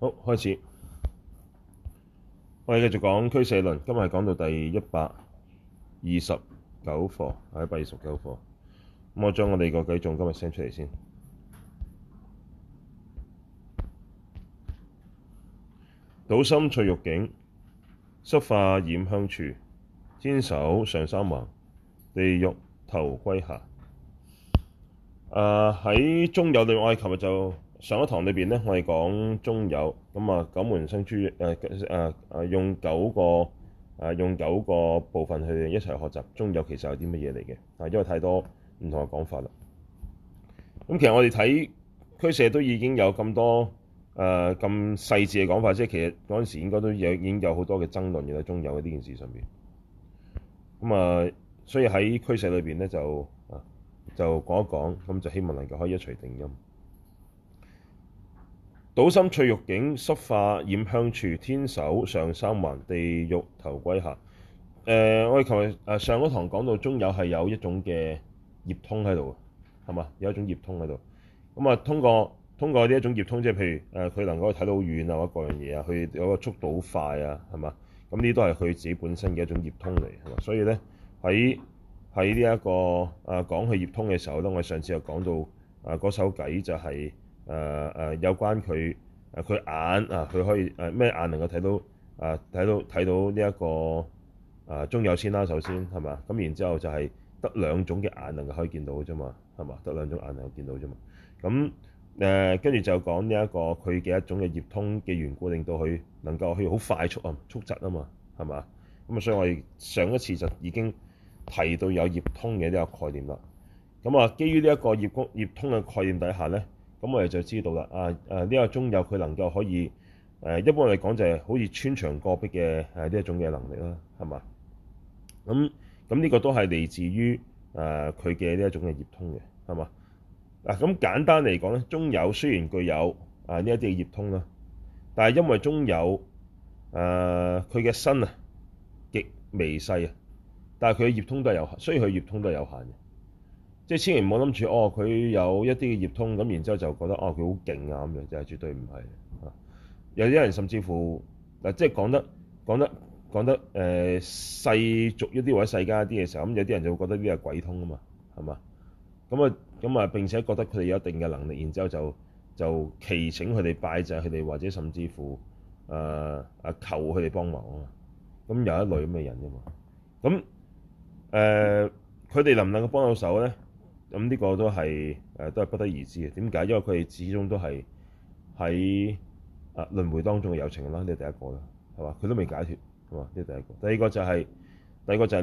好，開始。我哋繼續講俱舍論，今日係講到第一百二十九課，喺一百二十九課。咁我將我哋個舉重今日 send 出嚟先。倒心趣欲境，濕化染香處。天首上三橫，地獄頭歸下。啊，喺中有對愛，琴日就。上一堂裏邊咧，我係講中有咁啊，九門生豬誒誒誒，用九個誒、啊、用九個部分去一齊學習中有其實有啲乜嘢嚟嘅？但、啊、因為太多唔同嘅講法啦。咁其實我哋睇俱舍都已經有咁多誒咁、啊、細緻嘅講法，即係其實嗰陣時應該都有已經有好多嘅爭論嘅啦。中有喺呢件事上邊咁啊，所以喺俱舍裏邊咧就啊就講一講，咁就希望能夠可以一錘定音。倒心趣欲境，濕化染香處。天首上三橫，地獄頭歸下。誒、呃，我哋琴日誒上嗰堂講到，中有係有一種嘅業通喺度，係嘛？有一種業通喺度。咁啊，通過通過呢一種業通，即係譬如誒，佢、呃、能夠睇到好遠啊，或者各樣嘢啊，佢有個速度好快啊，係嘛？咁呢都係佢自己本身嘅一種業通嚟。所以咧，喺喺呢一個誒、呃、講佢業通嘅時候咧，我哋上次又講到誒嗰首偈就係、是。誒、呃、誒有關佢誒佢眼啊，佢可以誒咩、呃、眼能夠睇到、呃到，到這個呃、啊？睇到睇到呢一個誒中有先啦，首先係嘛？咁然之後就係得兩種嘅眼能夠可以見到嘅啫嘛，係嘛？得兩種眼能夠見到啫嘛。咁誒跟住就講呢一個佢嘅一種嘅業通嘅緣故，令到佢能夠去好快速啊，速疾啊嘛，係嘛？咁、嗯、啊，所以我哋上一次就已經提到有業通嘅呢個概念啦。咁、嗯、啊，基於呢一個業業通嘅概念底下咧。咁我哋就知道啦，啊呢、啊這個中有佢能夠可以，誒、啊、一般我哋講就係好似穿牆過壁嘅呢一種嘅能力啦，係嘛？咁咁呢個都係嚟自於誒佢嘅呢一種嘅業通嘅，係嘛？嗱、啊、咁簡單嚟講咧，中有雖然具有啊呢一啲嘅業通啦，但係因為中有誒佢嘅身啊極微細啊，細但係佢嘅業通都係有限，雖然佢業通都係有限嘅。即係千祈唔好諗住哦，佢有一啲嘅業通咁，然之後就覺得哦佢好勁啊咁樣，就係絕對唔係啊！有啲人甚至乎嗱，即係講得講得講得誒細俗一啲或者世家一啲嘅時候，咁有啲人就會覺得呢啲係鬼通啊嘛，係嘛？咁啊咁啊，並且覺得佢哋有一定嘅能力，然之後就就祈請佢哋拜祭佢哋，或者甚至乎誒誒、呃、求佢哋幫忙啊！咁有一類咁嘅人啫嘛，咁誒佢哋能唔能夠幫到手咧？咁呢個都係都係不得而知嘅。點解？因為佢哋始終都係喺啊輪迴當中嘅有情啦。呢個第一個啦，係嘛？佢都未解脫，係嘛？呢、這個第一個。第二個就係、是、第二個就係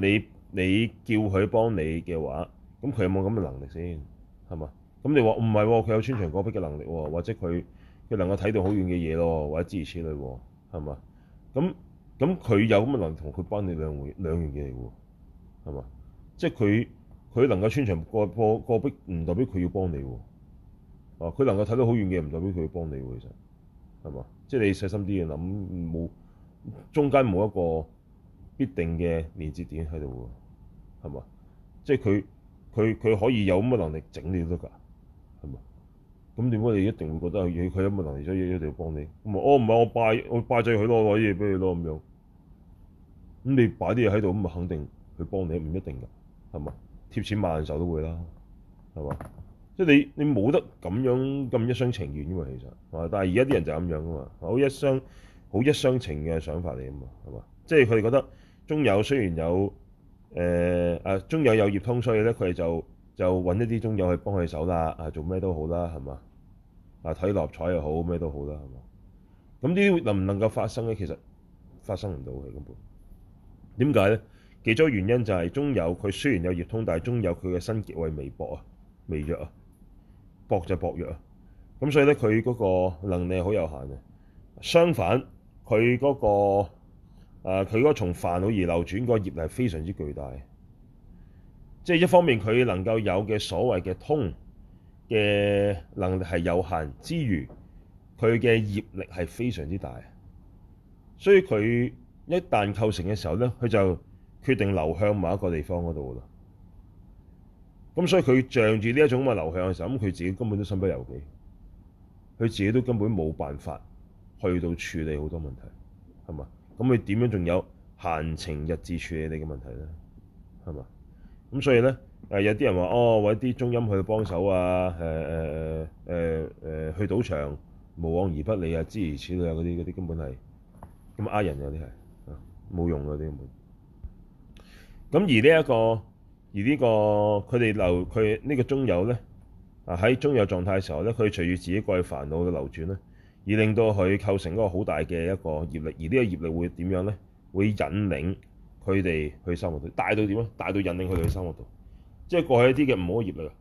你你叫佢幫你嘅話，咁佢有冇咁嘅能力先？係嘛？咁你話唔係喎，佢、啊、有穿牆過壁嘅能力喎，或者佢佢能夠睇到好遠嘅嘢咯，或者諸如此類喎，係嘛？咁咁佢有咁嘅能力同佢幫你兩回、嗯、兩樣嘢嚟嘅喎，係嘛？即係佢。佢能夠穿牆過破過壁，唔代表佢要幫你喎。啊，佢能夠睇到好遠嘅，唔代表佢要幫你喎。其實係嘛，即係你細心啲嘅，諗冇中間冇一個必定嘅連接點喺度喎。係嘛，即係佢佢佢可以有咁嘅能力整你都得㗎，係嘛？咁點解你一定會覺得佢有咁嘅能力所以一定要幫你？唔，我唔係我拜我拜祭佢咯，攞嘢俾你咯咁樣。咁你擺啲嘢喺度咁咪肯定佢幫你，唔一定㗎，係嘛？貼錢買難受都會啦，係嘛？即係你你冇得咁樣咁一廂情願㗎嘛，其實，但係而家啲人就係咁樣㗎嘛，好一廂好一廂情嘅想法嚟㗎嘛，係嘛？即係佢哋覺得中有雖然有啊、呃、中有有業通，所以咧佢哋就就揾一啲中有去幫佢手啦，啊做咩都好啦，係嘛？啊睇六合彩又好咩都好啦，係嘛？咁啲能唔能夠發生咧？其實發生唔到嘅根本，點解咧？其中原因就係中有佢雖然有業通，但係中有佢嘅身極為微薄啊，微弱啊，薄就薄弱啊。咁所以咧，佢嗰個能力係好有限嘅。相反，佢嗰、那個佢嗰從煩惱而流轉嗰個業力係非常之巨大。即係一方面佢能夠有嘅所謂嘅通嘅能力係有限之餘，佢嘅業力係非常之大，所以佢一旦構成嘅時候咧，佢就決定流向某一個地方嗰度㗎啦，咁所以佢仗住呢一種咁嘅流向嘅時候，咁佢自己根本都身不由己，佢自己都根本冇辦法去到處理好多問題，係嘛？咁佢點樣仲有閒情逸致處理你嘅問題咧？係嘛？咁所以咧，誒，有啲人話哦，揾啲中陰去幫手啊，誒誒誒誒誒去賭場無往而不利啊，諸如此類啊，嗰啲啲根本係咁呃人有，有啲係啊冇用㗎，啲根本。咁而呢、這、一個，而呢、這個佢哋流佢呢個中有咧，啊喺中有狀態嘅時候咧，佢隨住自己過去煩惱嘅流轉咧，而令到佢構成一個好大嘅一個業力，而呢個業力會點樣咧？會引領佢哋去三惡道，大到點樣？大到引領佢哋去三惡道，即係過去一啲嘅唔好業力啊！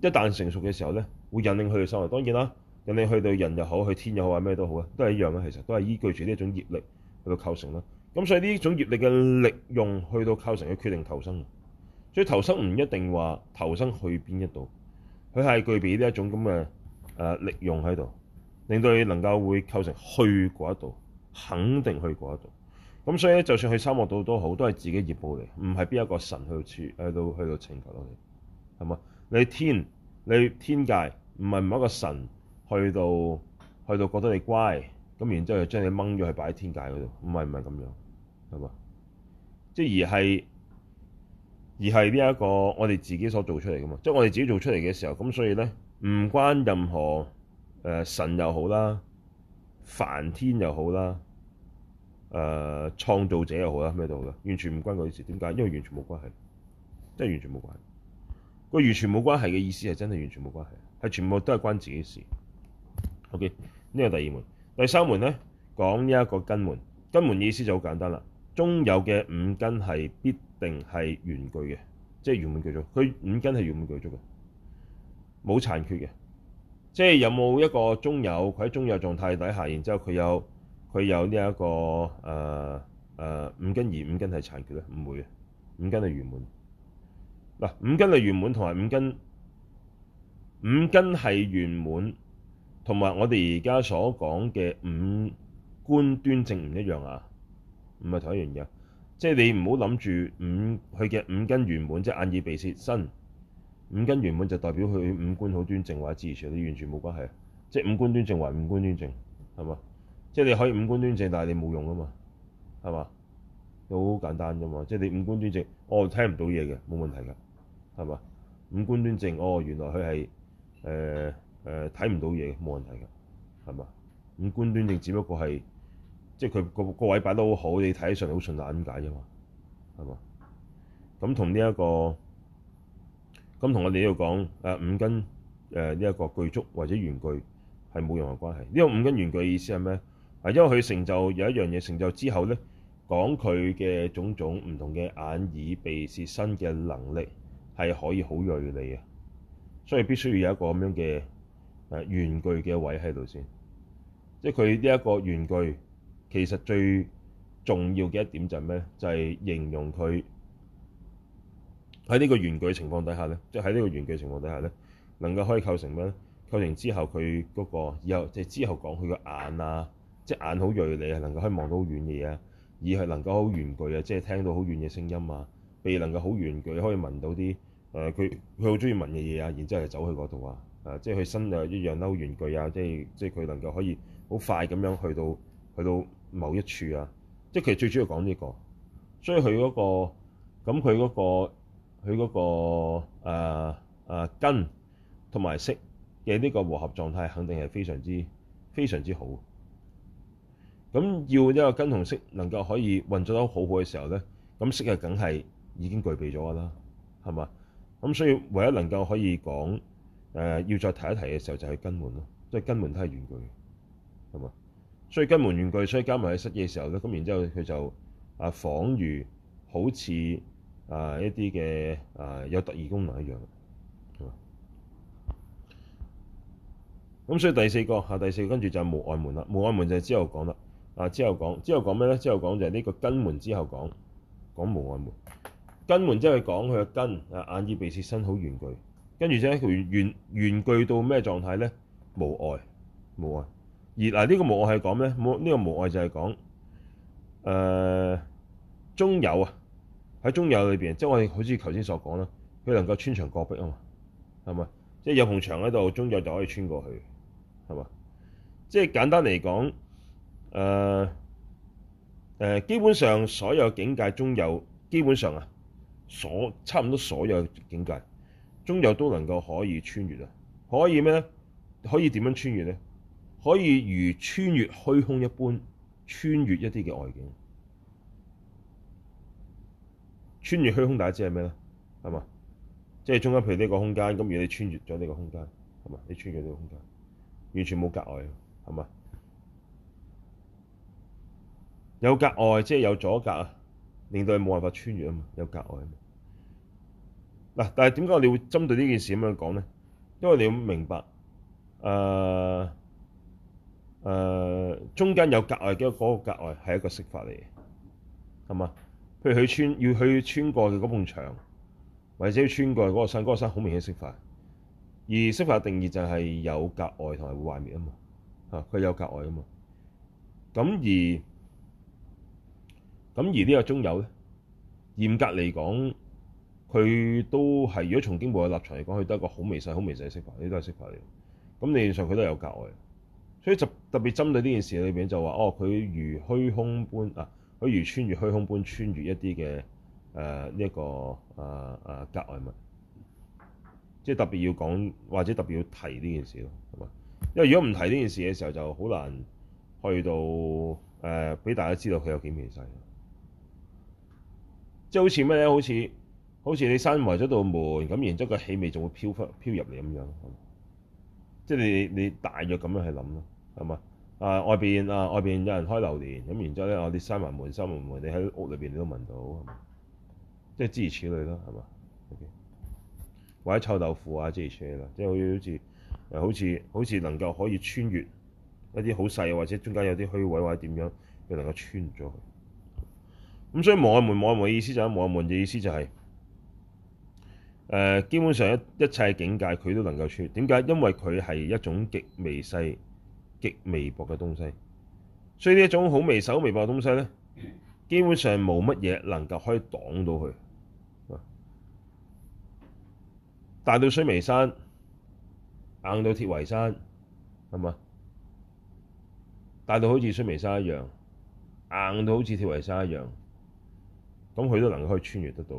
一旦成熟嘅時候咧，會引領佢哋三惡道。當然啦，引領去到人又好，去天又好，或者咩都好啊，都係一樣嘅。其實都係依據住呢一種業力去構成啦。咁所以呢種業力嘅力用去到構成嘅決定投生，所以投生唔一定話投生去邊一度，佢係具備呢一種咁嘅力用喺度，令到你能夠會構成去過一度，肯定去過一度。咁所以咧，就算去三惡道都好，都係自己業報嚟，唔係邊一個神去到去到請求到情你，係嘛？你天你天界唔係某一個神去到去到覺得你乖，咁然之後將你掹咗去擺喺天界嗰度，唔係唔係咁樣。係嘛？即係而係而係呢一個我哋自己所做出嚟噶嘛？即、係、我哋自己做出嚟嘅時候，咁所以咧唔關任何誒、呃、神又好啦、梵天又好啦、誒、呃、創造者又好啦咩都好啦，完全唔關嗰件事。點解？因為完全冇關係，真係完全冇關係。個完全冇關係嘅意思係真係完全冇關係，係全部都係關自己的事。OK，呢個第二門，第三門咧講呢一個根門。根門意思就好簡單啦。中有嘅五根係必定係圓具嘅，即係圓滿具足。佢五根係圓滿具足嘅，冇殘缺嘅。即係有冇一個中有佢喺中有狀態底下，然之後佢有佢有呢、這、一個誒誒、呃呃、五根而五根係殘缺咧？唔會嘅，五根係圓滿。嗱、啊，五根係圓滿同埋五根五根係圓滿，同埋我哋而家所講嘅五官端正唔一樣啊！唔係同一樣嘢，即係你唔好諗住五佢嘅五根圓滿，即係眼耳鼻舌身五根圓滿就代表佢五官好端正或者自之類，你完全冇關係。即係五官端正還五官端正係嘛？即係你可以五官端正，但係你冇用啊嘛，係嘛？好簡單啫嘛。即係你五官端正，哦，聽唔到嘢嘅冇問題㗎，係嘛？五官端正，哦，原來佢係誒誒睇唔到嘢，冇問題㗎，係嘛？五官端正只不過係。即係佢個位擺得好好，你睇起上嚟好順眼咁解啫嘛，係嘛？咁同呢一個咁同我哋呢度講、呃、五根誒呢一個具足或者圓具係冇任何關係。呢個五根圓具嘅意思係咩、呃？因為佢成就有一樣嘢，成就之後咧，講佢嘅種種唔同嘅眼耳鼻舌身嘅能力係可以好銳利啊，所以必須要有一個咁樣嘅誒圓具嘅位喺度先。即係佢呢一個圓具。其實最重要嘅一點就係咩就係、是、形容佢喺呢個懸具情況底下咧，即係喺呢個懸具情況底下咧，能夠可以構成咩咧？構成之後佢嗰、那個以後即係、就是、之後講佢個眼啊，即、就、係、是、眼好銳利啊，能夠可以望到好遠嘅嘢啊，耳係能夠好懸具啊，即、就、係、是、聽到好遠嘅聲音啊，鼻能夠好懸具，可以聞到啲誒佢佢好中意聞嘅嘢啊，然之後係走去嗰度啊，誒即係佢身誒一樣嬲懸具啊，即係即係佢能夠可以好快咁樣去到去到。去到某一處啊，即係其實最主要講呢個，所以佢嗰個，咁佢嗰個，佢嗰個，誒誒根同埋色嘅呢個和合狀態，肯定係非常之非常之好。咁要呢個根同色能夠可以運作得好好嘅時候咧，咁色係梗係已經具備咗噶啦，係嘛？咁所以唯一能夠可以講誒要再提一提嘅時候就係根門咯，即係根門都係原具，係嘛？所以根門圓具所以加埋喺失嘅時候咧，咁然之後佢就啊仿如好似啊一啲嘅啊有特異功能一樣。咁所以第四個第四個，跟住就係無礙門啦。無礙門就係之後講啦，啊之後講之後講咩咧？之後講就係呢個根門之後講講無礙門。根門之後講講佢嘅根啊眼耳鼻舌身好圓具，跟住之後圓圓圓具到咩狀態咧？無礙無礙。而嗱呢、這個無礙係講咩？冇、這、呢個無礙就係講誒中有啊！喺中有裏面，即、就、係、是、我哋好似頭先所講啦，佢能夠穿牆過壁啊嘛，係咪？即、就、係、是、有紅牆喺度，中有就可以穿過去，係嘛？即、就、係、是、簡單嚟講，誒、呃、誒、呃，基本上所有境界中有，基本上啊，所差唔多所有境界中有都能夠可以穿越啊！可以咩？可以點樣穿越咧？可以如穿越虛空一般，穿越一啲嘅外境。穿越虛空大家知係咩咧？係嘛，即係中間譬如呢個空間咁，如果你穿越咗呢個空間，係嘛？你穿越呢個空間，完全冇格外，係嘛？有格外即係有阻隔啊，令到你冇辦法穿越啊嘛。有格外啊嘛。嗱，但係點解我哋會針對呢件事咁樣講咧？因為你要明白，誒。誒中間有隔礙嘅嗰，那個隔礙係一個色法嚟嘅，係嘛？譬如佢穿要去穿過嘅嗰埲牆，或者要穿過嗰個山，嗰，那個山好明顯色法。而色法定義就係有隔礙同埋會壞滅啊嘛，嚇佢有隔礙啊嘛。咁而咁而這個呢個中有咧，嚴格嚟講，佢都係如果從經部嘅立場嚟講，佢都係一個好微細、好微細嘅色法，呢都係色法嚟。咁理論上佢都有隔礙。所以就特別針對呢件事裏邊就話，哦，佢如虛空般啊，佢如穿越虛空般穿越一啲嘅誒呢一個啊啊隔外物，即係特別要講或者特別要提呢件事咯，係嘛？因為如果唔提呢件事嘅時候，就好難去到誒俾、呃、大家知道佢有幾面世，即係好似咩咧？好似好似你閂埋咗道門，咁然之後個氣味仲會飄忽飄入嚟咁樣，即係你你大約咁樣去諗咯。係嘛？誒外邊啊，外邊、呃、有人開榴蓮咁、嗯，然之後咧，我哋閂埋門閂門門，你喺屋裏邊都聞到，即係諸如此類啦，係嘛？或者臭豆腐啊，諸如此類啦，即、就、係、是、好似、呃、好似好似能夠可以穿越一啲好細，或者中間有啲虛位或者點樣，佢能夠穿咗去。咁所以無礙門無礙門嘅意思就係無礙門嘅意思就係、是、誒、呃，基本上一一切境界佢都能夠穿。點解？因為佢係一種極微細，極微薄嘅東西，所以呢一種好微小、微薄嘅東西咧，基本上冇乜嘢能夠可以擋到佢。大到須彌山，硬到鐵圍山，係嘛？大到好似須彌山一樣，硬到好似鐵圍山一樣，咁佢都能夠可以穿越得到。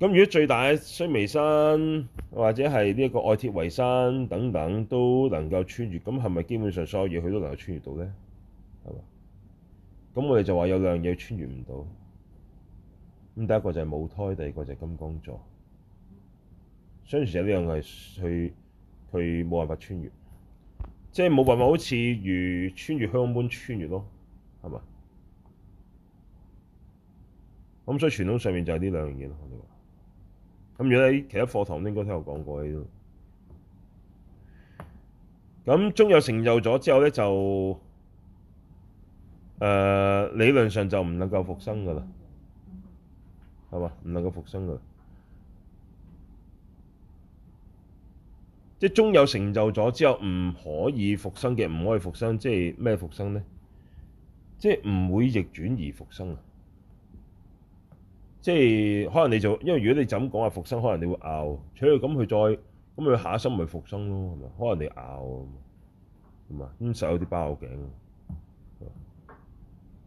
咁如果最大嘅須彌山或者係呢一個愛鐵圍山等等都能夠穿越，咁係咪基本上所有嘢佢都能夠穿越到咧？係嘛？咁我哋就話有兩樣嘢穿越唔到。咁第一個就係母胎，第二個就係金剛座。相傳有呢樣樣係去冇辦法穿越，即係冇辦法好似如穿越香般穿越咯，係嘛？咁所以傳統上面就係呢兩樣嘢咯。咁如果喺，其他課堂應該聽我講過呢度。咁中有成就咗之後咧，就誒理論上就唔能夠復生噶啦，係嘛？唔能夠復生噶啦。即係中有成就咗之後，唔可以復生嘅，唔可以復生。即係咩復生咧？即係唔會逆轉而復生啊！即係可能你就因為如果你就咁講話復生，可復生，可能你會拗。除咗咁佢再咁佢下一生咪復生咯，可能你拗，係嘛？咁實有啲包頸，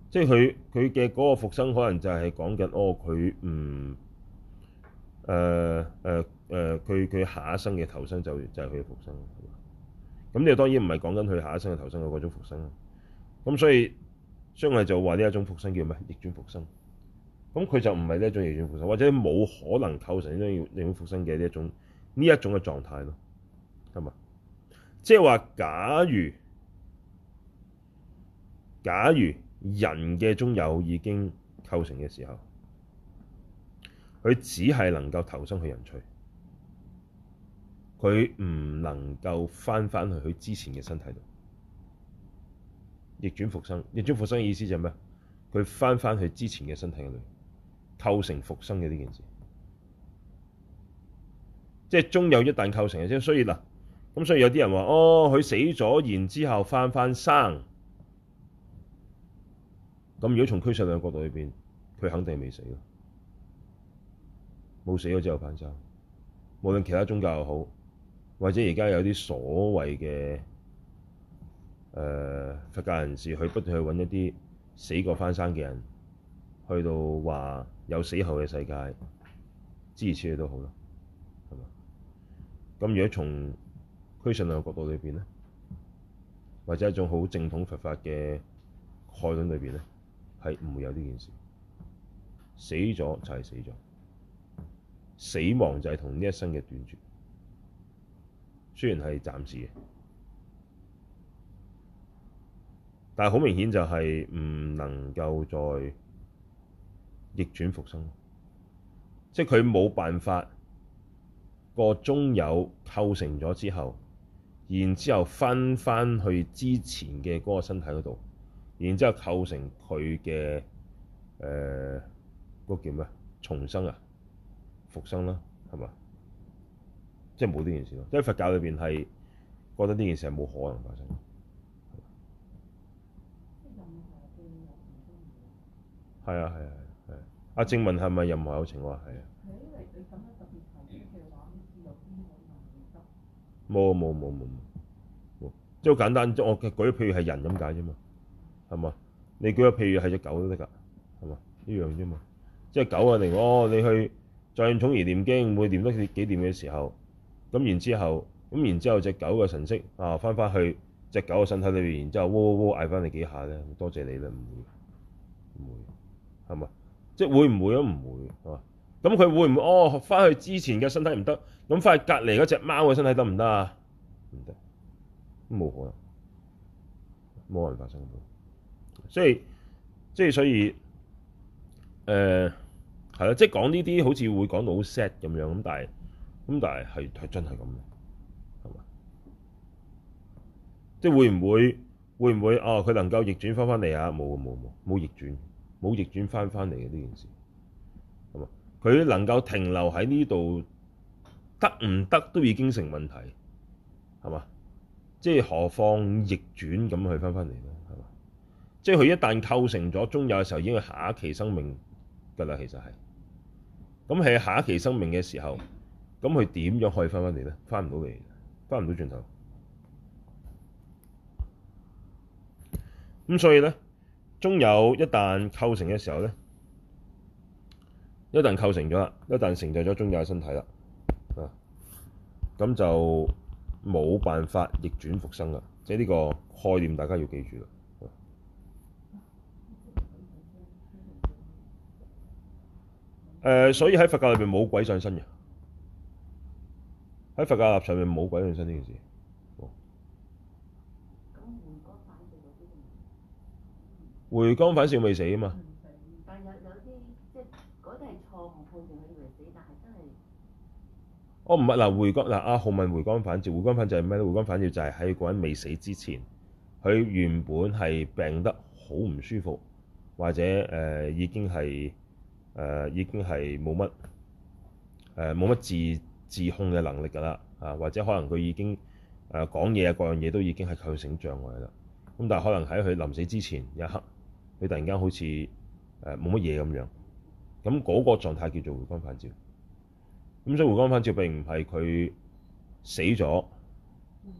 即係佢佢嘅嗰個復生，可能就係講緊哦，佢唔誒誒誒佢佢下一生嘅投生就就係佢嘅復生。咁你當然唔係講緊佢下一生嘅投生嗰種種復生。咁所以相以就話呢一種復生叫咩？逆轉復生。咁佢就唔係呢一種逆轉復生，或者冇可能構成呢種逆轉復生嘅呢一種呢一種嘅狀態咯，咁嘛？即係話，假如假如人嘅中有已經構成嘅時候，佢只係能夠投生去人趣，佢唔能夠翻返去佢之前嘅身體度逆轉復生。逆轉復生嘅意思就係咩？佢翻返去之前嘅身體裏。構成復生嘅呢件事，即係中有一旦構成嘅啫。所以嗱，咁所以有啲人話：，哦，佢死咗然之後翻翻生，咁如果從俱舍論角度裏邊，佢肯定係未死咯，冇死咗之後翻生。無論其他宗教又好，或者而家有啲所謂嘅誒佛教人士，佢不斷去揾一啲死過翻生嘅人。去到話有死後嘅世界，之類似嘅都好啦，嘛？咁如果從俱舍論角度裏面，呢或者一種好正統佛法嘅概念裏面，呢係唔會有呢件事。死咗就係死咗，死亡就係同呢一生嘅斷絕。雖然係暫時嘅，但係好明顯就係唔能夠再。逆轉復生，即係佢冇辦法個中有構成咗之後，然之後翻翻去之前嘅嗰個身體嗰度，然之後構成佢嘅誒嗰個叫咩？重生啊，復生啦、啊，係咪？即係冇呢件事咯。因為佛教裏邊係覺得呢件事係冇可能發生。係啊，係啊。是啊。阿、啊、正文係咪任何有情？話話係啊，冇冇冇冇冇，即係好簡單。即我舉，譬如係人咁解啫嘛，係嘛？你舉個譬如係隻狗都得㗎，係嘛？一樣啫嘛。即係狗啊，例如哦，你去再用《童念經》，每念多幾幾嘅時候，咁然後然後然後之後，咁然之後隻狗嘅神識啊，翻返去隻狗嘅身體裏面，然之後喔喔嗌返你幾下咧，多謝你啦，唔會唔會係嘛？即係會唔會呀？唔會，係嘛？咁佢會唔會哦？翻去之前嘅身體唔得，咁翻去隔離嗰隻貓嘅身體得唔得啊？唔得，冇可能，冇可能發生到。所以，即所以即係，誒、呃，係啦。即係講呢啲好似會講到好 sad 咁樣，咁但係，咁但係係真係咁嘅，係嘛？即係會唔會會唔會哦？佢能夠逆轉翻翻嚟啊？冇冇冇冇逆轉。冇逆轉翻返嚟嘅呢件事，係嘛？佢能夠停留喺呢度，得唔得都已經成問題，係嘛？即係何況逆轉咁去翻返嚟咧，係嘛？即係佢一旦構成咗，中有嘅時候已經係下一期生命㗎啦，其實係。咁係下一期生命嘅時候，咁佢點樣可以翻返嚟咧？翻唔到嚟，翻唔到轉頭。咁所以咧？中有一旦構成嘅時候呢，一旦構成咗啦，一旦成就咗中有嘅身體啦，啊，咁就冇辦法逆轉復生噶。即係呢個概念大家要記住啦。誒、呃，所以喺佛教裏面冇鬼上身嘅，喺佛教上面冇鬼上身呢件事。回光反照未死啊嘛，但係有有啲即係嗰啲係錯誤判斷，佢以為死，但係真係我唔係嗱回光嗱，阿浩問回光反照，回光反照係咩咧？回光反照就係喺個人未死之前，佢原本係病得好唔舒服，或者誒、呃、已經係誒、呃、已經係冇乜誒冇乜自自控嘅能力㗎啦啊，或者可能佢已經誒、呃、講嘢啊各樣嘢都已經係構成障礙啦。咁但係可能喺佢臨死之前一刻。佢突然間好似誒冇乜嘢咁樣，咁嗰個狀態叫做回光返照。咁所以回光返照並唔係佢死咗，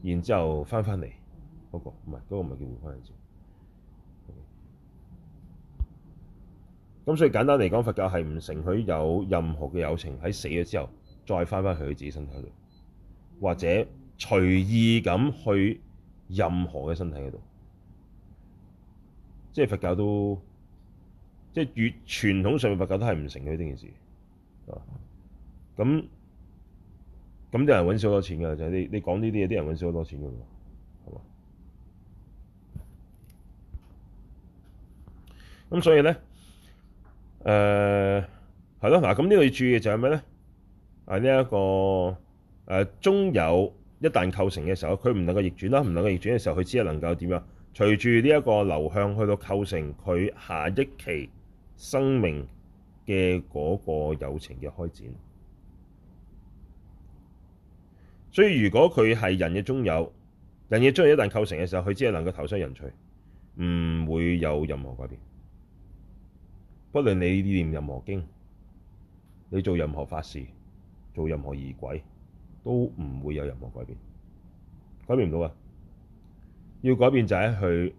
然之後翻翻嚟嗰個，唔係嗰個唔係叫回光返照。咁所以簡單嚟講，佛教係唔承許有任何嘅友情喺死咗之後再翻翻去佢自己身體度，或者隨意咁去任何嘅身體嗰度。即係佛教都，即係越傳統上面佛教都係唔成嘅、就是、呢件事、呃，啊，咁咁啲人揾少好多錢嘅，就係你你講呢啲嘢，啲人揾少好多錢嘅喎，係嘛？咁所以咧，誒係咯，嗱咁呢個要注意嘅就係咩咧？啊呢一個誒中有一旦構成嘅時候，佢唔能夠逆轉啦，唔能夠逆轉嘅時候，佢只係能夠點啊？隨住呢一個流向去到構成佢下一期生命嘅嗰個有情嘅開展，所以如果佢係人嘅中有，人嘅中有一旦構成嘅時候，佢只係能夠投生人趣，唔會有任何改變。不論你念任何經，你做任何法事，做任何儀軌，都唔會有任何改變，改變唔到啊要改變就喺佢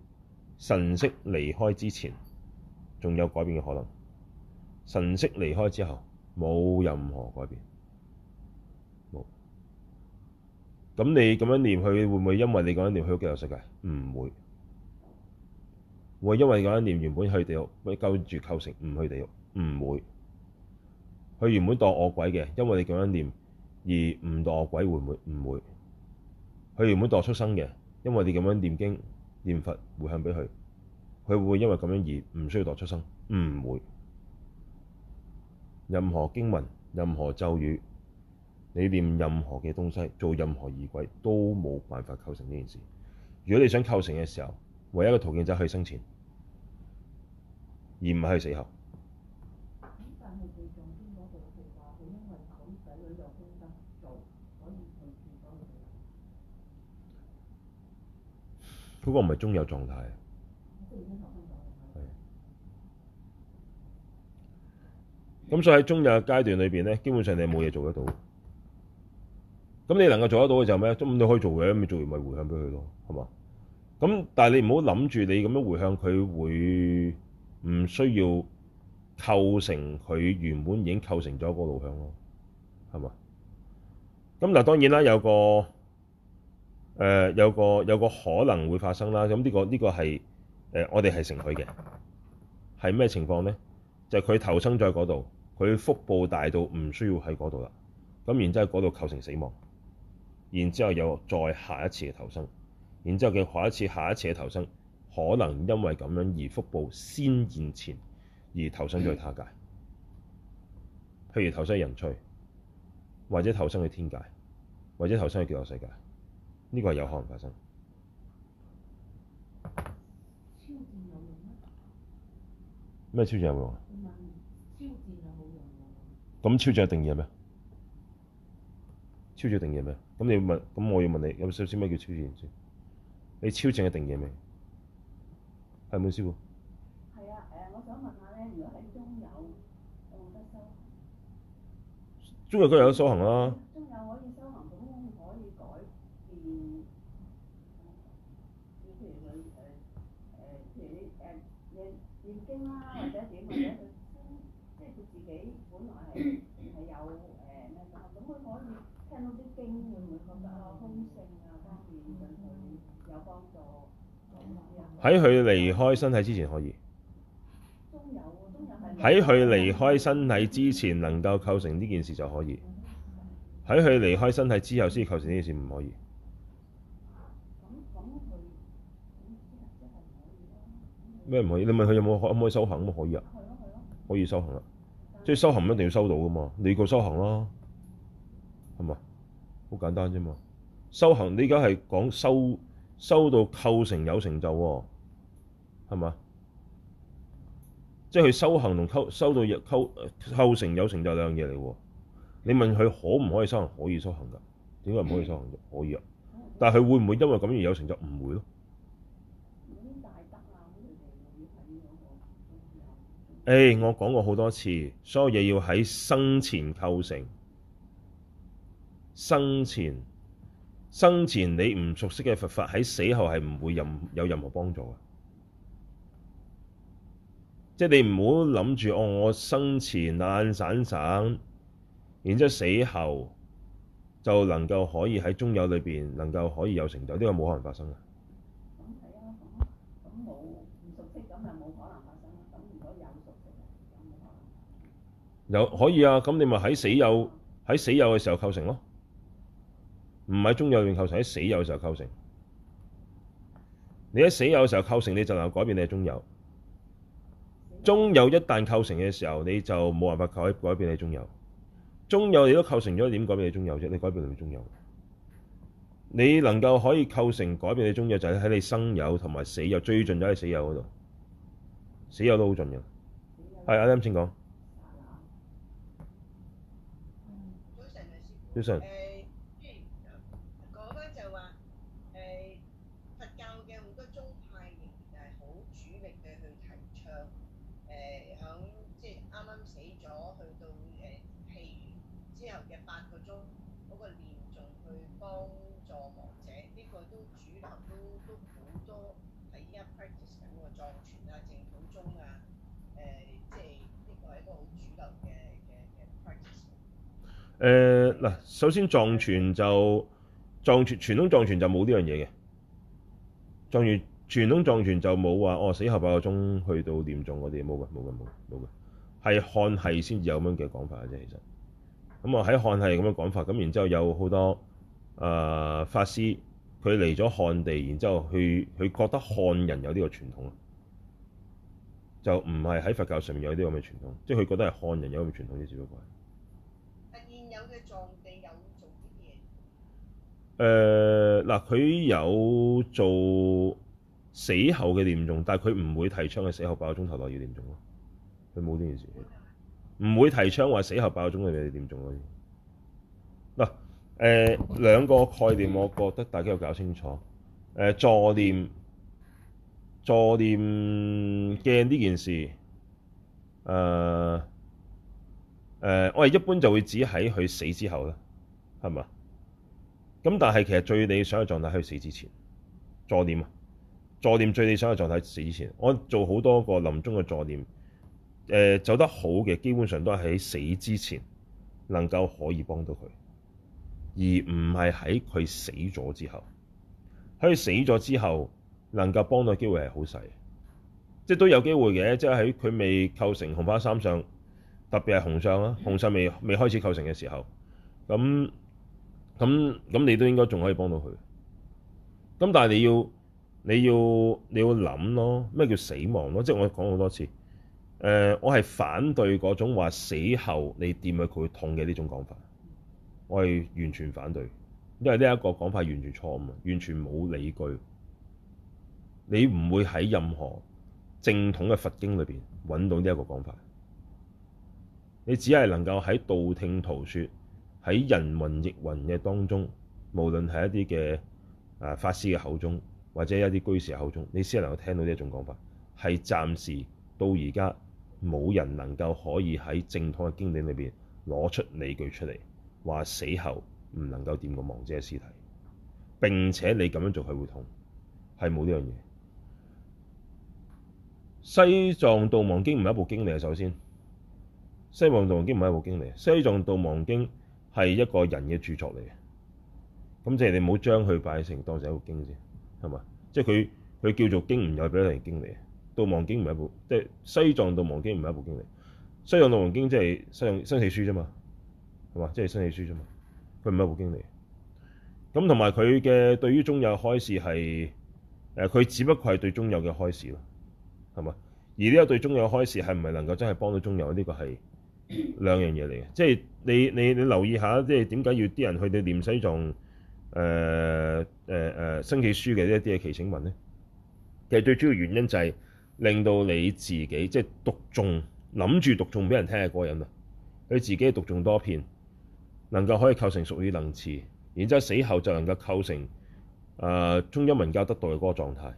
神識離開之前，仲有改變嘅可能。神識離開之後，冇任何改變，冇。咁你咁樣念佢，會唔會因為你咁樣念佢繼續食㗎？唔會。會因為咁樣念原本去地獄，會跟住構成唔去地獄？唔會。佢原本當我惡鬼嘅，因為你咁樣念而唔當惡鬼，會唔會？唔會。佢原本當畜生嘅。因為你咁樣念經、念佛回向畀佢，佢會唔會因為咁樣而唔需要度出生？唔、嗯、會。任何經文、任何咒語，你念任何嘅東西，做任何儀軌，都冇辦法構成呢件事。如果你想構成嘅時候，唯一嘅途徑就係生前，而唔係死後。佢個唔係中有狀態，係。咁所以喺中有嘅階段裏邊咧，基本上你冇嘢做得到。咁你能夠做得到嘅就係咩咧？咁你可以做嘅，咁你做完咪回向俾佢咯，係嘛？咁但係你唔好諗住你咁樣回向，佢會唔需要構成，佢原本已經構成咗嗰個路向咯，係嘛？咁嗱，當然啦，有個。誒、呃、有個有個可能會發生啦。咁呢、這個呢、這個係誒、呃、我哋係承許嘅係咩情況咧？就佢、是、投生在嗰度，佢福報大到唔需要喺嗰度啦。咁然之後嗰度構成死亡，然之後又再下一次嘅投生，然之後佢下一次下一次嘅投生，可能因為咁樣而福報先現前而投生在他界，譬如投生人趣，或者投生去天界，或者投生去極樂世界。呢個係有可能發生咩？超正有冇用啊？咁超正定義係咩？超正定義係咩？咁你要問，咁我要問你，有冇少少咩叫超正先？你超正嘅定義係咩？係唔係師傅？係啊，我想問下咧，如果喺中有，有得收。中有都有得收行啦、啊。喺佢離開身體之前可以，喺佢離開身體之前能夠構成呢件事就可以，喺佢離開身體之後先構成呢件事唔可以。咩唔可以？你問佢有冇可唔可以修行咁啊？可以啊，可以修行啦，即係修行一定要收到噶嘛？你個修行啦，係嘛？好簡單啫嘛。修行你而家係講收收到構成有成就喎。係嘛？即係佢修行同溝修到構成有成就有兩樣嘢嚟喎。你問佢可唔可以修行？可以修行㗎。點解唔可以修行的？可以啊。但係佢會唔會因為咁而有成就？唔會咯。誒，我講過好多次，所有嘢要喺生前構成。生前生前你唔熟悉嘅佛法喺死後係唔會任有任何幫助嘅。即係你唔好諗住我我生前懶散散，然之後死後就能夠可以喺中有裏邊能夠可以有成就，呢、這個冇可能發生嘅。咁睇啊，咁冇唔熟悉，咁咪冇可能發生啊。咁如果有熟悉，又可以啊。咁你咪喺死有喺死有嘅時候構成咯，唔喺中有裏邊構成，喺死有嘅時候構成。你喺死有嘅時候構成，你就能夠改變你嘅中有。中有一旦構成嘅時候，你就冇辦法改改變你中有。中有你都構成咗，點改變你中有啫？你改變唔到中有。你能夠可以構成改變你中有，就喺喺你生有同埋死有追盡咗，喺死有嗰度。死有都好盡嘅。係、嗯，啱啱先講。阿、嗯、啱。誒、呃、嗱，首先藏傳就藏傳傳統藏傳就冇呢樣嘢嘅，藏傳傳統藏傳就冇話哦，死後八個鐘去到念鐘嗰啲冇嘅，冇嘅，冇嘅。係漢系先至有咁樣嘅講法嘅啫。其實咁啊喺漢系咁樣講法，咁然之後有好多誒、呃、法師佢嚟咗漢地，然之後去佢覺得漢人有呢個傳統啦，就唔係喺佛教上面有呢個咁嘅傳統，即係佢覺得係漢人有咁嘅傳統啫，只不過。誒、呃、嗱，佢有做死後嘅念誦，但係佢唔會提倡係死後八個鐘頭內要念誦。咯。佢冇呢件事，唔會提倡話死後八個鐘嘅嘢念誦。咯、呃。嗱，誒兩個概念，我覺得大家要搞清楚。誒、呃、助念、助念嘅呢件事，誒、呃、誒，我、呃、哋一般就會指喺佢死之後啦，係咪咁但係其實最理想嘅狀態喺佢死之前，助念啊，助念最理想嘅狀態死之前，我做好多個臨終嘅助念，誒、呃、走得好嘅，基本上都係喺死之前能夠可以幫到佢，而唔係喺佢死咗之後，喺佢死咗之後能夠幫到嘅機會係好細，即係都有機會嘅，即係喺佢未構成紅花三相，特別係紅相啦，紅相未未開始構成嘅時候，咁。咁咁你都應該仲可以幫到佢，咁但係你要你要你要諗咯，咩叫死亡咯？即係我講好多次，誒、呃，我係反對嗰種話死後你掂佢佢會痛嘅呢種講法，我係完全反對，因為呢一個講法完全錯誤，完全冇理據，你唔會喺任何正統嘅佛經裏面揾到呢一個講法，你只係能夠喺道聽途說，喺人云亦云嘅當中，無論係一啲嘅啊法師嘅口中，或者一啲居士嘅口中，你先能夠聽到呢一種講法，係暫時到而家冇人能夠可以喺正統嘅經典裏邊攞出理據出嚟，話死後唔能夠掂個亡者嘅屍體。並且你咁樣做佢會痛，係冇呢樣嘢。西藏道亡經唔係一部經嚟啊！首先，西藏道亡經唔係一部經嚟，西藏道亡經,經。係一個人嘅著作嚟嘅，咁即係你唔好將佢擺成當成一部經先，係嘛？即係佢佢叫做經,的經，唔係俾人哋經嚟度亡經》唔係一部，即係《西藏度亡經》唔係一部經嚟。西藏度亡經》即係《西藏生死書》啫嘛，係嘛？即係生死書啫嘛，佢唔係一部經嚟。咁同埋佢嘅對於中有嘅開示係，佢只不過係對中有嘅開示咯，係嘛？而呢個對中有嘅開示係唔係能夠真係幫到中有呢、呢個係。兩樣嘢嚟嘅，即係你你你留意一下，即係點解要啲人去到念西藏誒誒誒生死書嘅呢一啲嘅祈請文咧？其實最主要的原因就係、是、令到你自己即係讀眾諗住讀眾俾人聽嘅嗰個人啊，佢自己讀眾多遍，能夠可以構成屬於能持，然之後死後就能夠構成誒、呃、中陰聞教得度嘅嗰個狀態，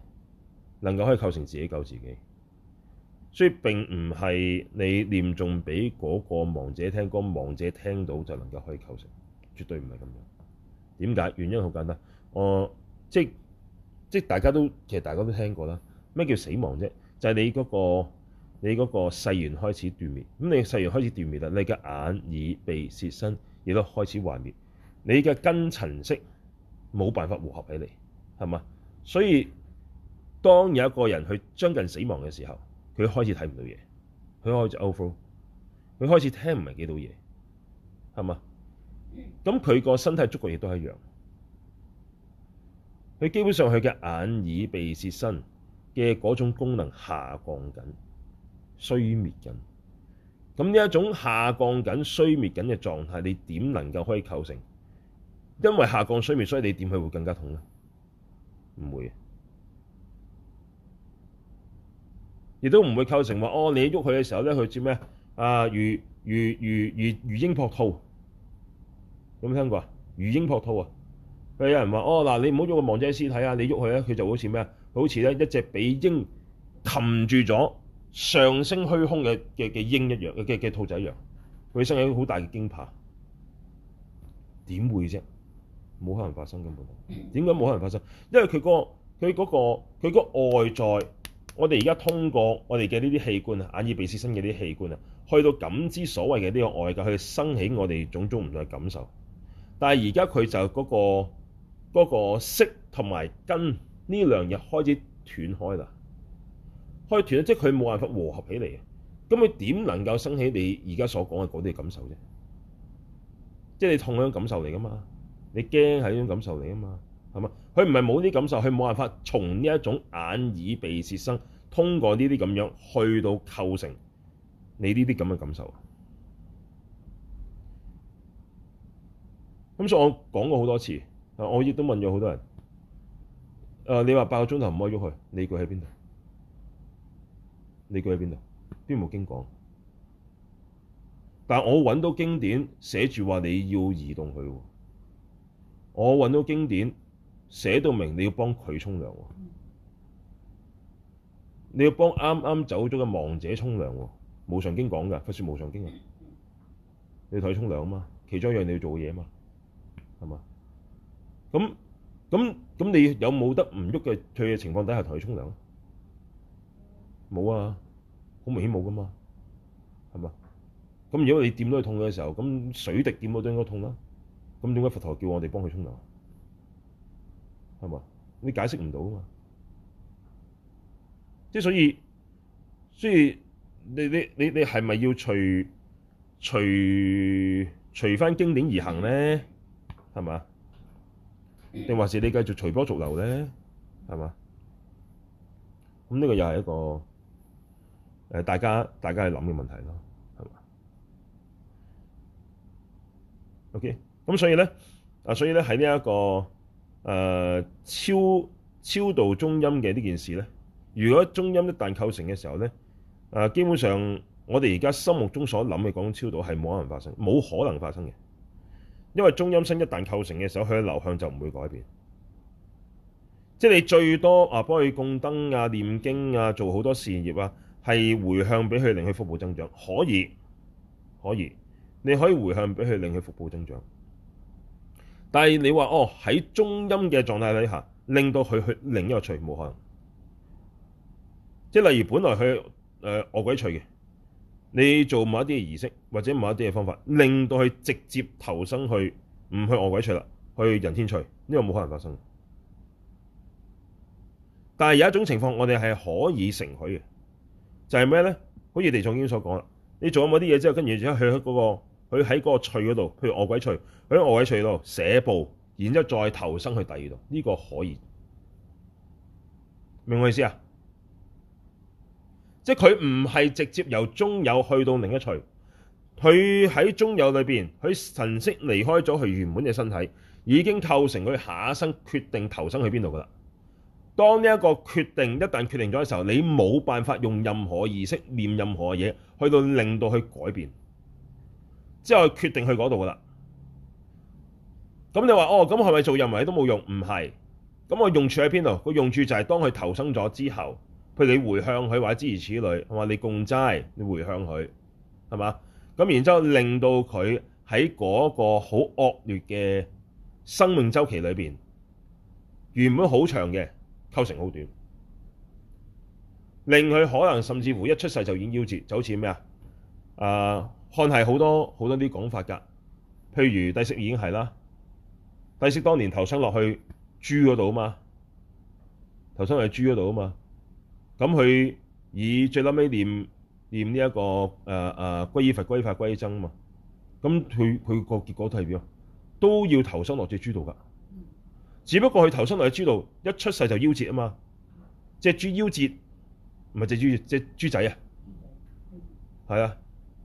能夠可以構成自己救自己。所以並唔係你念重俾嗰個亡者聽歌，嗰個、亡者聽到就能夠可以構成，絕對唔係咁樣。點解？原因好簡單，我即即大家都其實大家都聽過啦。咩叫死亡啫？就係、是、你嗰、嗰個你嗰個世緣開始斷滅，咁你嘅世緣開始斷滅啦。你嘅眼耳鼻舌身亦都開始壞滅，你嘅根塵色冇辦法和合起嚟，係嘛？所以當有一個人去將近死亡嘅時候。佢開始睇唔到嘢，佢開始 over 佢開始聽唔係幾到嘢，係嘛？咁佢個身體觸覺亦都係一樣，佢基本上佢嘅眼、耳、鼻、舌、身嘅嗰種功能下降緊、衰滅緊。咁呢一種下降緊、衰滅緊嘅狀態，你點能夠可以構成？因為下降衰滅，所以你點去會更加痛咧？唔會亦都唔會構成話哦，你喐佢嘅時候咧，佢似咩啊？如如如如如鷹撲兔，有冇聽過啊？如鷹撲兔啊！佢有人話哦，嗱，你唔好喐個亡者屍體啊！你喐佢咧，佢就好似咩啊？好似咧一隻被鷹擒住咗上升虛空嘅嘅嘅鷹一樣嘅嘅兔仔一樣，佢生起好大嘅驚怕，點會啫？冇可能發生噉噃，點解冇可能發生？因為佢嗰佢嗰個佢嗰、佢嗰佢嗰、外在。我哋而家通過我哋嘅呢啲器官啊，眼耳鼻舌身嘅啲器官啊，去到感知所謂嘅呢個外界，去生起我哋種種唔同嘅感受。但係而家佢就嗰、嗰個嗰、嗰個、色同埋根呢兩日開始斷開啦，開斷咗即係佢冇辦法和合起嚟啊！咁佢點能夠生起你而家所講嘅嗰啲感受啫？即係你痛嗰種感受嚟噶嘛？你驚係呢種感受嚟啊嘛？係嘛？佢唔係冇啲感受，佢冇辦法從呢一種眼耳鼻舌身通過呢啲咁樣去到構成你呢啲咁嘅感受啊。咁所以我講過好多次，我亦都問咗好多人。誒，你話八個鐘頭唔可以喐佢，理據喺邊度？理據喺邊度？邊部經講？但係我揾到經典寫住話你要移動佢。我揾到經典。寫到明你，你要幫佢沖涼喎，你要幫啱啱走咗嘅亡者沖涼喎。無常經講㗎，佛説無常經啊，你要同佢沖涼啊嘛，其中一樣你要做嘅嘢啊嘛，係嘛？咁咁咁，你有冇得唔喐嘅佢嘅情況底下同佢沖涼？冇啊，好明顯冇噶嘛，係嘛？咁如果你掂到佢痛嘅時候，咁水滴掂到都應該痛啦。咁點解佛陀叫我哋幫佢沖涼？係嘛？你解釋唔到啊嘛！即係所以，所以你你你你係咪要隨隨隨翻經典而行咧？係嘛？定還是你繼續隨波逐流咧？係嘛？咁呢個又係一個誒，大家大家去諗嘅問題咯，係嘛？OK，咁所以咧啊，所以咧喺呢一個。誒、啊、超超度中陰嘅呢件事咧，如果中陰一旦構成嘅時候咧，誒、啊、基本上我哋而家心目中所諗嘅講超度係冇可能發生，冇可能發生嘅，因為中陰身一旦構成嘅時候，佢嘅流向就唔會改變。即係你最多啊幫佢供燈啊、念經啊、做好多事業啊，係回向俾佢令佢福報增長，可以可以，你可以回向俾佢令佢福報增長。但係你話哦，喺中陰嘅狀態底下，令到佢去另一個趣冇可能。即係例如，本來去誒、呃、餓鬼趣嘅，你做某一啲嘅儀式或者某一啲嘅方法，令到佢直接投生去唔去餓鬼趣啦，去人天趣，呢、這個冇可能發生。但係有一種情況，我哋係可以承許嘅，就係咩咧？好似地藏經所講啦，你做咗某啲嘢之後，跟住而家去嗰、那個。佢喺個趣嗰度，譬如餓鬼趣，佢喺餓鬼趣嗰度捨報，然之後再投生去第二度，呢個可以明唔明意思啊？即係佢唔係直接由中有去到另一趣，佢喺中有裏面，佢神識離開咗佢原本嘅身體，已經構成佢下一生決定投生去邊度噶啦。當呢一個決定一旦決定咗嘅時候，你冇辦法用任何儀式念任何嘢去到令到佢改變。之後決定去嗰度噶啦，咁你話哦，咁係咪做任何嘢都冇用？唔係，咁我用處喺邊度？個用處就係當佢投生咗之後，譬如你回向佢，或者諸如此類，係嘛？你供齋，你回向佢，係嘛？咁然之後令到佢喺嗰個好惡劣嘅生命周期裏邊，原本好長嘅構成好短，令佢可能甚至乎一出世就已經夭折，就好似咩啊？誒。看係好多好多啲講法㗎，譬如帝釋已經係啦，帝釋當年投生落去豬嗰度啊嘛，投生落去豬嗰度啊嘛，咁佢以最撚尾念念呢、這、一個誒誒、呃呃、歸依佛、歸法、歸僧嘛，咁佢佢個結果都係點，都要投生落隻豬度㗎，只不過佢投生落去豬度，一出世就夭折啊嘛，隻豬夭折，唔係隻豬，即係豬仔啊，係啊。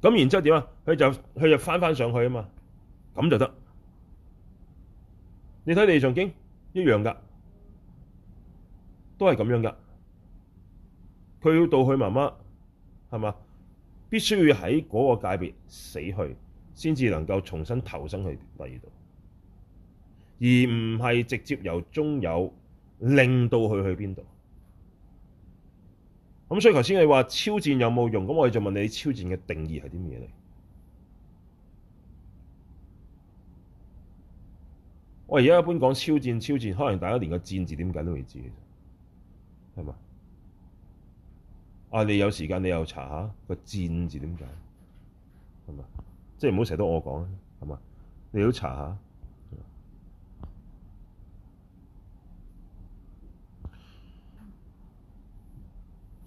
咁然之後點啊？佢就佢就翻翻上去啊嘛，咁就得。你睇《地藏經》一樣噶，都係咁樣噶。佢要到佢媽媽係嘛，必須要喺嗰個界別死去，先至能夠重新投生去第二度，而唔係直接由中有令到佢去邊度。咁所以頭先你話超戰有冇有用？咁我哋就問你超戰嘅定義係啲咩嚟？我而家一般講超戰，超戰可能大家連個戰字點解都未知道，係嘛？啊，你有時間你又查一下個戰字點解，係嘛？即係唔好成日都我講，係嘛？你都查一下。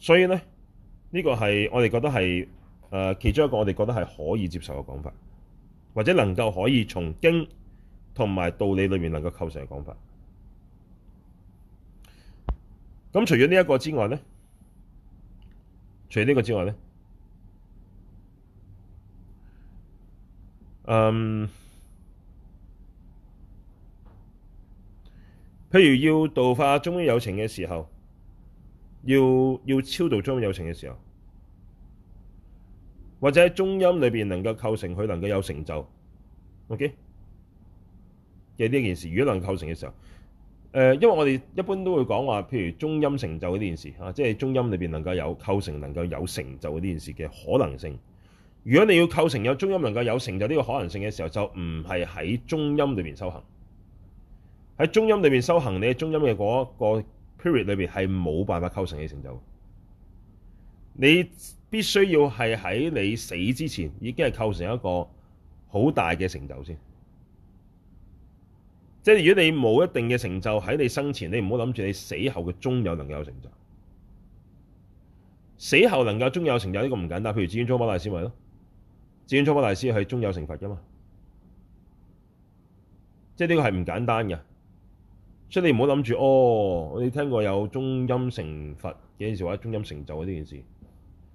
所以呢，呢、這個是我哋覺得係呃其中一個我哋覺得係可以接受嘅講法，或者能夠可以從經同埋道理裏面能夠構成嘅講法。咁除咗呢一個之外呢，除呢個之外呢，嗯，譬如要度化中陰有情嘅時候。要要超度中陰有情嘅時候，或者喺中陰裏邊能夠構成佢能夠有成就，OK 嘅呢件事，如果能夠構成嘅時候，誒、呃，因為我哋一般都會講話，譬如中陰成就呢件事嚇、啊，即係中陰裏邊能夠有構成能夠有成就呢件事嘅可能性。如果你要構成有中陰、能夠有成就呢個可能性嘅時候，就唔係喺中陰裏邊修行，喺中陰裏邊修行你喺中陰嘅嗰、那個。period 裏邊係冇辦法構成你嘅成就，你必須要係喺你死之前已經係構成一個好大嘅成就先。即係如果你冇一定嘅成就喺你生前，你唔好諗住你死後嘅中有能夠有成就。死後能夠中有成就呢個唔簡單。譬如至尊宗喀巴大師咪咯，至尊宗喀巴大師係中有成佛噶嘛，即係呢個係唔簡單嘅。所以你唔好諗住哦，你聽過有中陰成佛嘅事，或者中陰成就呢件事，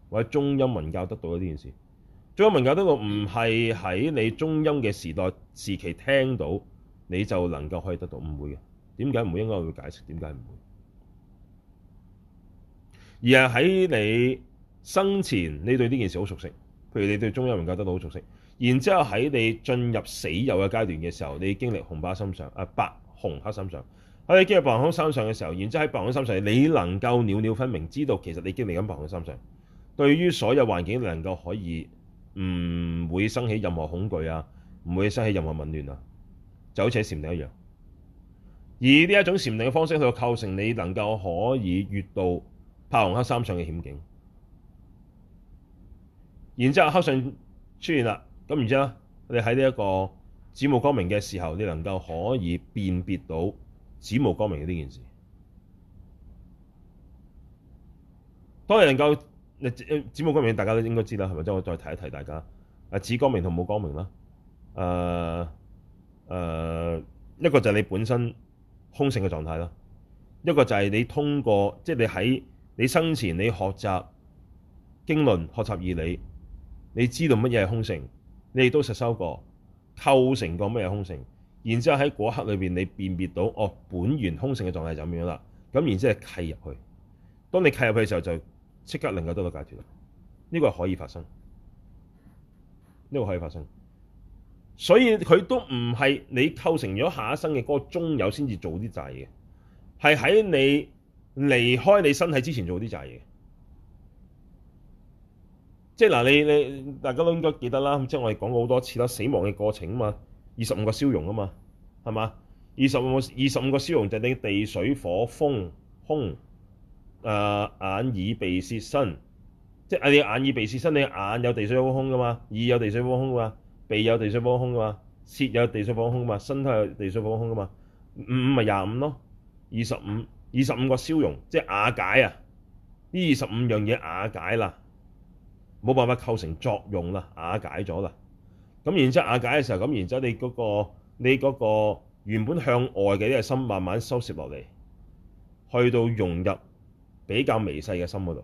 或者中陰聞教得到呢件事，中陰聞教得到唔係喺你中陰嘅時代時期聽到你就能夠可以得到，唔會嘅。點解唔會？應該我會解釋點解唔會，而係喺你生前你對呢件事好熟悉，譬如你對中陰聞教得到好熟悉。然之後喺你進入死有嘅階段嘅時候，你經歷紅白三相啊、呃、白，白紅黑三相，喺你經歷白紅黑三相嘅時候，然之後喺白紅黑三相，你能夠了了分明知道其實你經歷緊白紅黑三相，對於所有環境你能夠可以唔會生起任何恐懼啊，唔會生起任何紊亂啊，就好似禪定一樣，以呢一種禪定嘅方式去到構成你能夠可以越到白紅黑三相嘅險境，然之後黑相出現啦。咁然之後，你喺呢一個子母光明嘅時候，你能夠可以辨別到子母光明嘅呢件事。當然能夠子母光明，大家都應該知啦，係咪？即我再提一提大家，啊，子光明同母光明啦，誒、呃、誒、呃，一個就係你本身空性嘅狀態啦，一個就係你通過即係、就是、你喺你生前你學習經論、學習義理，你知道乜嘢係空性。你哋都實修過，構成個咩空性，然之後喺嗰刻裏邊，你辨別到哦本源空性嘅狀態係點樣啦，咁然之後契入去。當你契入去嘅時候，就即刻能夠得到解脫啦。呢、這個係可以發生，呢、這個可以發生。所以佢都唔係你構成咗下一生嘅嗰個中有先至做啲債嘅，係喺你離開你身體之前做啲債嘅。即係嗱，你你大家都應該記得啦。即係我哋講過好多次啦，死亡嘅過程啊嘛，二十五個消融啊嘛，係嘛？二十五、二十五個消融就係你地水火風空，誒、呃、眼耳鼻舌身，即係誒你眼耳鼻舌身，你眼有地水火風空噶嘛，耳有地水火風空噶嘛，鼻有地水火風空噶嘛，舌有地水火風空噶嘛，嘛，身體有地水火風空噶嘛，五五咪廿五咯，二十五、二十五個消融，即係瓦解啊！呢二十五樣嘢瓦解啦。冇辦法構成作用啦，瓦解咗啦。咁然之後瓦解嘅時候，咁然之後你嗰、嗰個你嗰個原本向外嘅呢個心慢慢收攝落嚟，去到融入比較微細嘅心嗰度，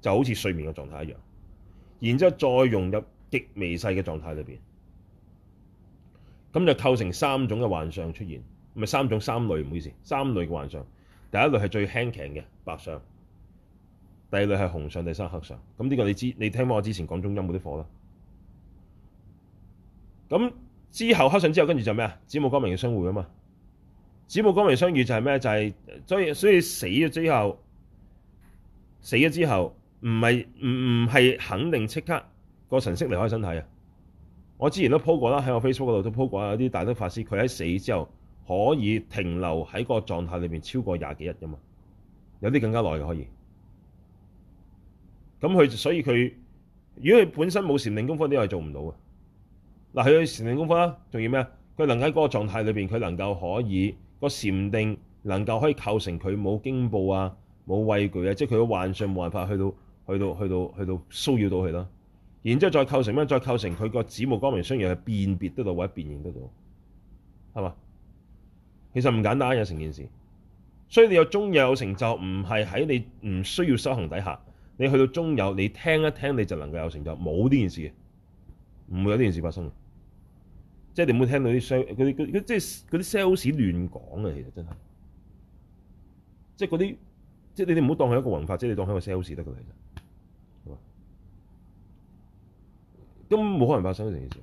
就好似睡眠嘅狀態一樣。然之後再融入極微細嘅狀態裏面，咁就構成三種嘅幻象出現，咪三種三類，唔好意思，三類嘅幻象。第一類係最輕強嘅白相。第二類係紅上，第三黑上。咁呢個你知，你聽翻我之前講中陰嗰啲課啦。咁之後黑上之後，跟住就咩啊？子母光明嘅相會啊嘛。子母光明相遇就係咩？就係、是、所以所以死咗之後，死咗之後唔係唔唔係肯定即刻個神識離開身體啊。我之前都 po 過啦，喺我 Facebook 度都 po 過啊。有啲大德法師佢喺死之後可以停留喺個狀態裏邊超過廿幾日噶嘛，有啲更加耐嘅可以。咁佢所以佢，如果佢本身冇禪定功夫，啲嘢做唔到嘅。嗱，係佢禪定功夫啦，仲要咩啊？佢能喺嗰個狀態裏邊，佢能夠可以、嗰個禪定能夠可以構成佢冇驚怖啊，冇畏懼啊，即係佢嘅幻象冇辦法去到去到去到去到，去到騷擾到佢啦。然之後再構成咩？再構成佢個子母光明，雙眼係辨別得到或者辨認得到，係嘛？其實唔簡單嘅成件事，所以你有中有有，有成就，唔係喺你唔需要修行底下。你去到中有，你聽一聽你就能夠有成就，冇呢件事嘅，唔會有呢件事發生嘅。即係你唔好聽到啲商、嗰啲、即係啲 sales 亂講嘅，其實真係，即係嗰啲，即係你哋唔好當佢一個文化，即係你當佢一個 sales 得㗎啦。其實，根本冇可能發生呢成件事。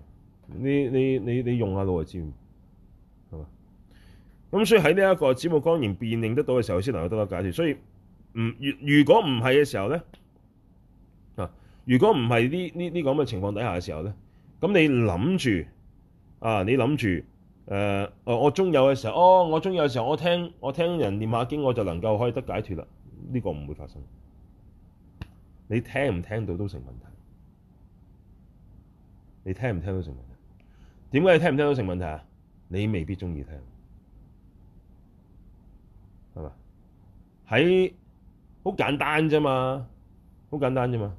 你你你你用下腦就知，係嘛？咁所以喺呢一個母子光明辨認得到嘅時候，先能夠得到解決。所以唔如如果唔係嘅時候咧。如果唔係呢呢呢個咁嘅情況底下嘅時候咧，咁你諗住啊？你諗住誒？我、呃、我中有嘅時候，哦，我中有嘅時候，我聽我聽人唸下經，我就能夠可以得解脫啦。呢、這個唔會發生。你聽唔聽到都成問題。你聽唔聽到成問題？點解你聽唔聽到成問題啊？你未必中意聽，係嘛？喺好簡單啫嘛，好簡單啫嘛。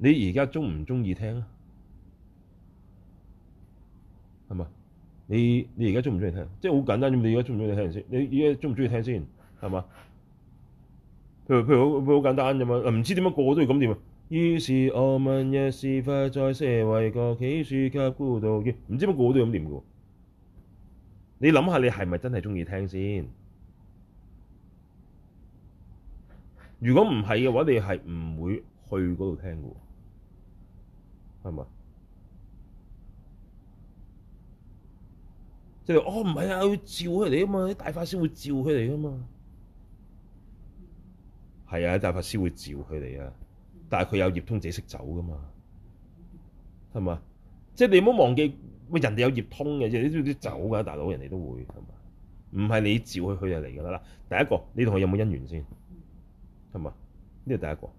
你而家中唔中意聽啊？係嘛？你你而家中唔中意聽？即係好簡單，咁你而家中唔中意聽先？你而家中唔中意聽先？係嘛？譬如譬如好簡單啫嘛，唔知點解個個都要咁念啊？如是我聞，一時佛在舍衛國祇樹給孤獨園，唔知乜個個都咁念噶？你諗下，你係咪真係中意聽先？如果唔係嘅話，你係唔會去嗰度聽噶。係嘛？即係哦，唔係啊，要召佢嚟啊嘛，啲大法師會召佢嚟噶嘛。係啊，大法師會召佢嚟啊。但係佢有業通，自己識走噶嘛。係嘛？即係你唔好忘記，喂，人哋有業通嘅，即你都要走噶。大佬，人哋都會係嘛？唔係你召佢，佢就嚟噶啦。第一個，你同佢有冇因緣先？係嘛？呢個第一個，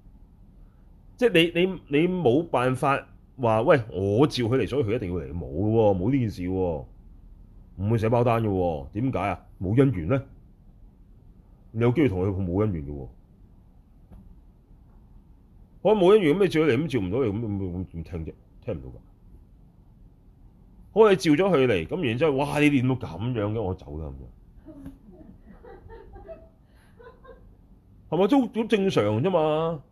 即係你你你冇辦法。話，喂，我照佢嚟，所以佢一定要嚟，冇喎，冇呢件事喎，唔會寫包單嘅喎。點解啊？冇姻緣咧？你有機會同佢冇姻緣嘅喎。我冇姻緣，咁你照佢嚟咁照唔到嚟，咁咁點聽啫？聽唔到噶。好，你照咗佢嚟，咁然之後，哇！你練到咁樣嘅，我走啦咁樣。係咪都好正常啫嘛？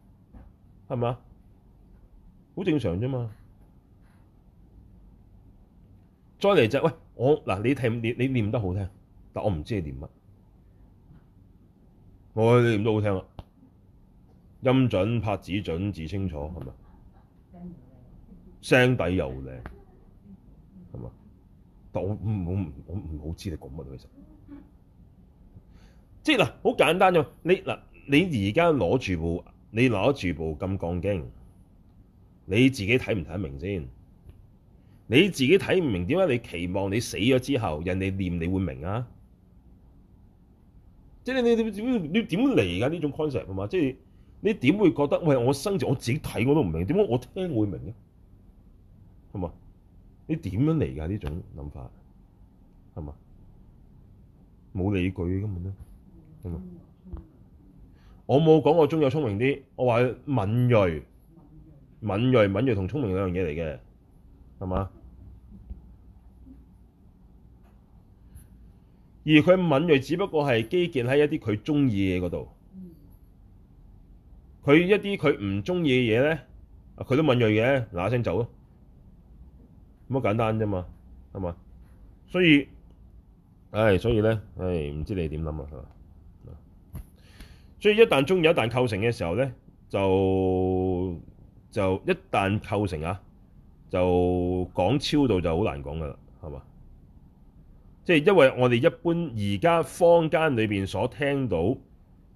係咪啊？好正常啫嘛。再嚟就是、喂，我嗱，你聽你你念得好聽，但我唔知你念乜，我念得好聽啊，音準拍子準字清楚係咪？聲底又靚，係嘛？但我我好唔好知你講乜其實、就是，即係嗱，好簡單咋你嗱，你而家攞住部，你攞住部《金剛經》，你自己睇唔睇得明先？你自己睇唔明點解？你期望你死咗之後，人哋念你會明啊？即係你你你你點嚟噶呢種 concept 啊嘛？即係你點會覺得喂，我生前我自己睇我都唔明，點解我聽會明啊，係嘛？你點樣嚟噶呢種諗法？係嘛？冇理據根本都，咁啊、嗯嗯！我冇講我中有聰明啲，我話敏鋭、敏鋭、敏鋭同聰明兩樣嘢嚟嘅，係嘛？而佢敏銳，只不過係基建喺一啲佢中意嘅嘢嗰度。佢一啲佢唔中意嘅嘢咧，佢都敏銳嘅，嗱一聲走咯，咁好簡單啫嘛，係嘛？所以，唉、哎，所以咧，唉、哎，唔知你點諗啊？所以一旦中有，一旦構成嘅時候咧，就就一旦構成啊，就講超度就好難講噶啦，係嘛？即係因為我哋一般而家坊間裏面所聽到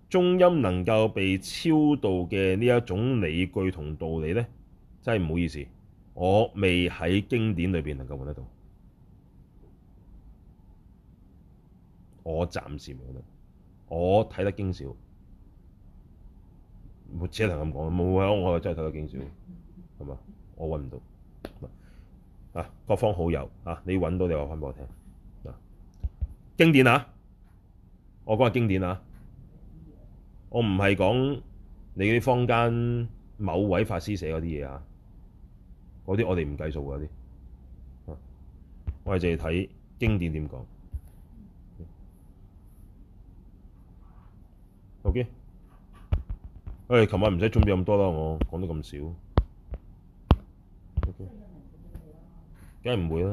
中陰能夠被超度嘅呢一種理據同道理咧，真係唔好意思，我未喺經典裏面能夠揾得到，我暫時未揾到，我睇得經少，我只能咁講，冇啊！我真係睇得經少，係嘛？我揾唔到，啊！各方好友啊，你揾到你話翻俾我聽。經典啊！我講下經典啊！我唔係講你啲坊間某位法師寫嗰啲嘢啊，嗰啲我哋唔計數嗰啲，我哋淨係睇經典點講。OK，誒，琴晚唔使準備咁多啦，我講得咁少，OK，梗係唔會啦。